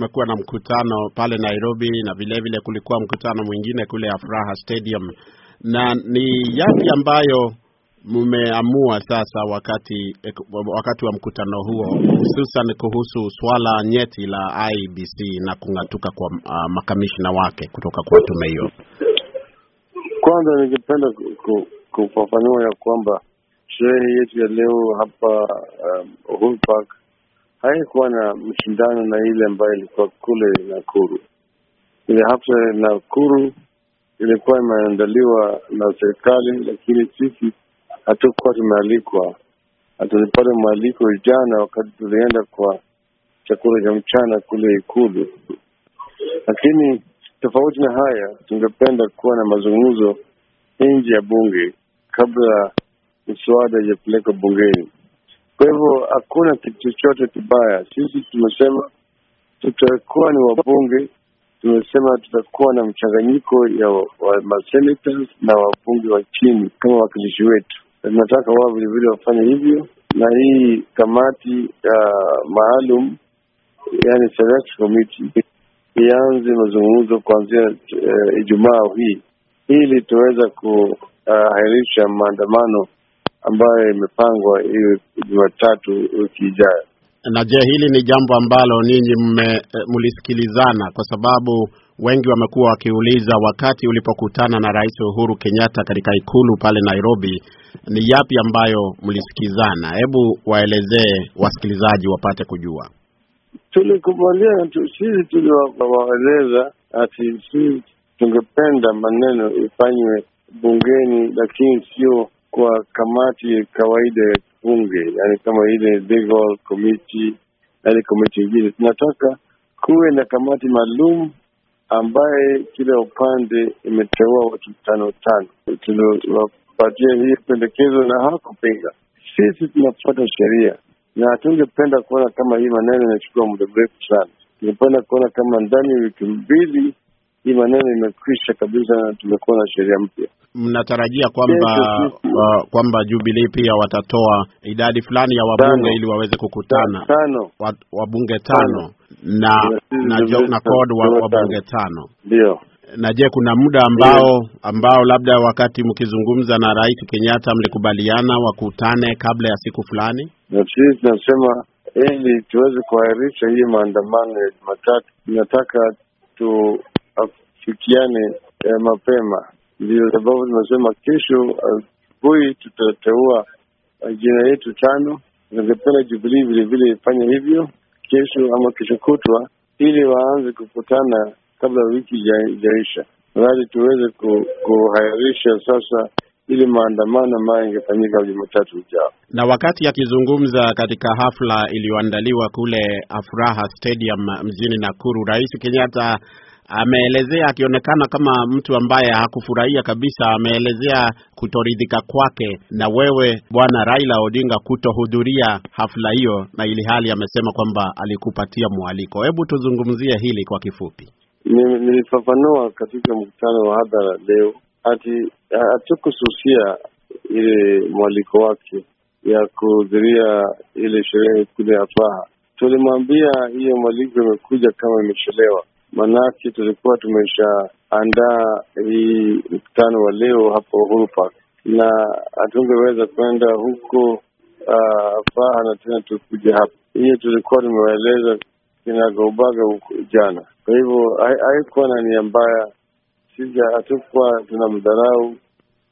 kumekuwa na mkutano pale Nairobi na vilevile vile kulikuwa mkutano mwingine kule Afraha Stadium. Na ni yapi ambayo mmeamua sasa wakati wakati wa mkutano huo, hususan kuhusu swala nyeti la IBC na kung'atuka kwa uh, makamishina wake kutoka kwa tume hiyo? Kwanza ningependa kufafanua ya kwamba sherehe yetu ya leo hapa um, Uhuru Park haikuwa na mshindano na ile ambayo ilikuwa kule Nakuru. Ile hafla Nakuru ilikuwa imeandaliwa na serikali, lakini sisi hatukuwa tumealikwa. Tulipata mwaliko jana wakati tulienda kwa chakula cha mchana kule Ikulu. Lakini tofauti na haya, tungependa kuwa na mazungumzo nje ya bunge kabla miswada ijapelekwa bungeni. Kwa hivyo hakuna kitu chochote kibaya. Sisi tumesema tutakuwa ni wabunge, tumesema tutakuwa na mchanganyiko ya masenata na wabunge wa chini kama wakilishi wetu, na tunataka wao vilevile wafanye hivyo, na hii kamati ya uh, maalum yani select committee ianze mazungumzo kuanzia uh, Ijumaa hii ili tuweza kuahirisha eh, uh, maandamano ambayo imepangwa hiyo Jumatatu wiki ijayo. Na je, hili ni jambo ambalo ninyi mlisikilizana? Eh, Kwa sababu wengi wamekuwa wakiuliza, wakati ulipokutana na Rais Uhuru Kenyatta katika ikulu pale Nairobi, ni yapi ambayo mlisikizana? Hebu waelezee wasikilizaji wapate kujua. Tulikubaliana tu, sisi tuliwaeleza ati sisi tungependa maneno ifanywe bungeni, lakini sio kwa kamati ya kawaida ya bunge, yani kama ile legal committee, ile komiti ingine, tunataka kuwe na kamati maalum ambaye kila upande imeteua watu tano tano. Tuliwapatia hii pendekezo na hawakupinga. Sisi tunafuata sheria na hatungependa kuona kama hii maneno inachukua muda mrefu sana. Tungependa kuona kama ndani ya wiki mbili hii maneno imekwisha kabisa, tumekuwa na sheria mpya. Mnatarajia kwamba uh, kwamba Jubilee pia watatoa idadi fulani ya wabunge ili waweze kukutana tano, wa, wabunge tano, tano na na, na, na code wa, wabunge tano ndio na je, kuna muda ambao ambao labda wakati mkizungumza na Rais Kenyatta mlikubaliana wakutane kabla ya siku fulani? Na sisi tunasema ili tuweze kuahirisha hii maandamano ya Jumatatu, tunataka tu tufikiane eh, mapema. Ndio sababu tunasema kesho asubuhi tutateua eh, jina yetu tano. Ningependa Jubilii vilevile ifanye hivyo kesho ama kesho kutwa, ili waanze kukutana kabla wiki ijaisha, mradi tuweze kuhairisha sasa ili maandamano ambayo ingefanyika Jumatatu ujao. Na wakati akizungumza katika hafla iliyoandaliwa kule Afuraha Stadium mjini Nakuru, Rais Kenyatta ameelezea akionekana kama mtu ambaye hakufurahia kabisa, ameelezea kutoridhika kwake na wewe bwana Raila Odinga kutohudhuria hafla hiyo, na ili hali amesema kwamba alikupatia mwaliko. Hebu tuzungumzie hili kwa kifupi. Nilifafanua katika mkutano wa hadhara leo ati hatukususia ile mwaliko wake ya kuhudhuria ile sherehe kule Afaha. Tulimwambia hiyo mwaliko imekuja kama imechelewa Manake tulikuwa tumeshaandaa hii mkutano wa leo hapo Uhuru Park na hatungeweza kwenda huko uh, faha na tena tukuja hapa. Hiyo tulikuwa tumewaeleza kinagaubaga jana. Kwa hivyo haikuwa na nia mbaya, sija hatukuwa tuna mdharau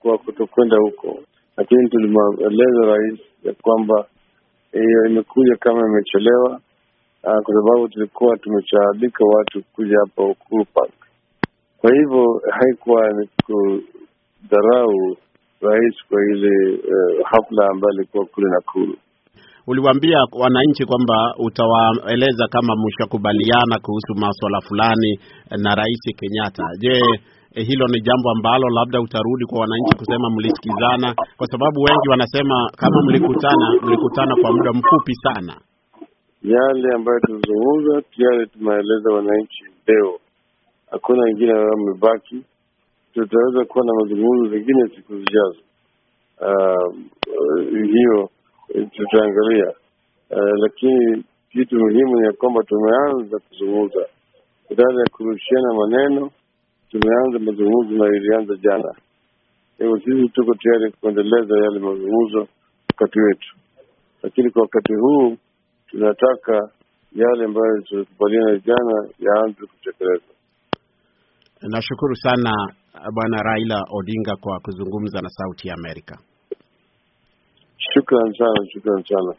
kwa kutokwenda huko, lakini tulimweleza rais ya kwamba hiyo imekuja kama imechelewa uh, kwa sababu tulikuwa tumeshaalika watu kuja hapa Uhuru Park. Kwa hivyo haikuwa ni kudharau rais kwa ile uh, hafla ambayo ilikuwa kule Nakuru. Uliwaambia wananchi kwamba utawaeleza kama mshakubaliana kuhusu maswala fulani eh, na Rais Kenyatta. Je, eh, hilo ni jambo ambalo labda utarudi kwa wananchi kusema mlisikizana? Kwa sababu wengi wanasema kama mlikutana, mlikutana kwa muda mfupi sana yale ambayo tunazungumza yale tumeeleza wananchi leo, hakuna wengine wamebaki. Tutaweza kuwa na mazungumzo zingine siku zijazo. Uh, hiyo tutaangalia. Uh, lakini kitu muhimu ni ya kwamba tumeanza kuzungumza badala ya kurushiana maneno. Tumeanza mazungumzo na ilianza jana. Hivyo sisi tuko tayari kuendeleza yale mazungumzo wakati wetu, lakini kwa wakati huu tunataka yale ambayo tulikubaliana jana yaanze kutekelezwa. Nashukuru sana Bwana Raila Odinga kwa kuzungumza na Sauti ya Amerika. Shukran sana, shukran sana.